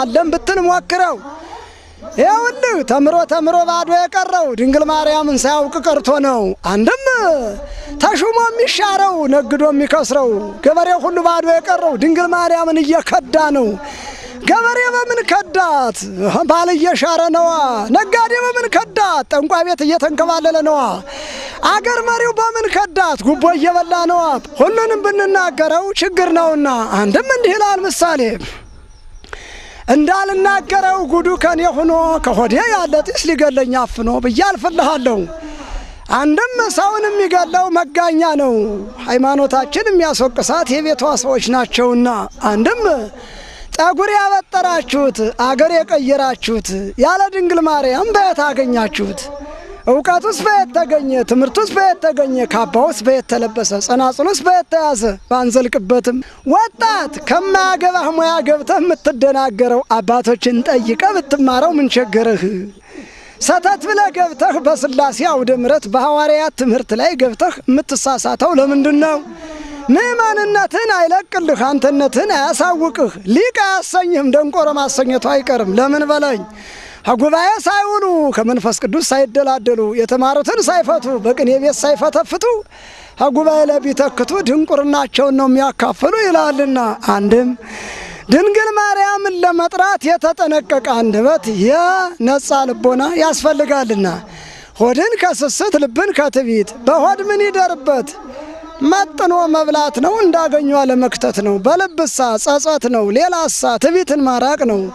አለም ብትን ሞክረው ይኸውልህ ተምሮ ተምሮ ባዶ የቀረው ድንግል ማርያምን ሳያውቅ ቀርቶ ነው። አንድም ተሹሞ የሚሻረው ነግዶ የሚከስረው ገበሬ ሁሉ ባዶ የቀረው ድንግል ማርያምን እየከዳ ነው። ገበሬ በምን ከዳት? ባል እየሻረ ነዋ። ነጋዴ በምን ከዳት? ጠንቋ ቤት እየተንከባለለ ነዋ። አገር መሪው በምን ከዳት? ጉቦ እየበላ ነዋ። ሁሉንም ብንናገረው ችግር ነውና አንድም እንዲህ ይላል ምሳሌ እንዳልናገረው ጉዱ ከኔ ሆኖ ከሆዴ ያለ ጢስ ሊገለኝ አፍኖ ብዬ አልፍልሃለሁ። አንድም ሰውን የሚገለው መጋኛ ነው፣ ሃይማኖታችን የሚያስወቅሳት የቤቷ ሰዎች ናቸውና። አንድም ጠጉር ያበጠራችሁት አገር የቀየራችሁት ያለ ድንግል ማርያም በየት አገኛችሁት? እውቀቱስ በየት ተገኘ? ትምህርቱስ በየት ተገኘ? ካባውስ በየት ተለበሰ? ጸናጽሉስ በየት ተያዘ? ባንዘልቅበትም ወጣት ከማያገባህ ሙያ ገብተህ የምትደናገረው አባቶችን ጠይቀ ብትማረው ምን ቸገረህ? ሰተት ብለህ ገብተህ በስላሴ አውደ ምረት በሐዋርያት ትምህርት ላይ ገብተህ የምትሳሳተው ለምንድን ነው? ምእመንነትህን አይለቅልህ፣ አንተነትህን አያሳውቅህ፣ ሊቅ አያሰኝህም። ደንቆሮ ማሰኘቱ አይቀርም። ለምን በለኝ ከጉባኤ ሳይውሉ ከመንፈስ ቅዱስ ሳይደላደሉ የተማሩትን ሳይፈቱ በቅኔ ቤት ሳይፈተፍቱ ከጉባኤ ላይ ቢተክቱ ድንቁርናቸውን ነው የሚያካፍሉ ይላልና አንድም ድንግል ማርያምን ለመጥራት የተጠነቀቀ አንደበት የነጻ ልቦና ያስፈልጋልና ሆድን ከስስት ልብን ከትቢት በሆድ ምን ይደርበት መጥኖ መብላት ነው። እንዳገኟ ለመክተት ነው። በልብሳ ጸጸት ነው። ሌላሳ ትቢትን ማራቅ ነው።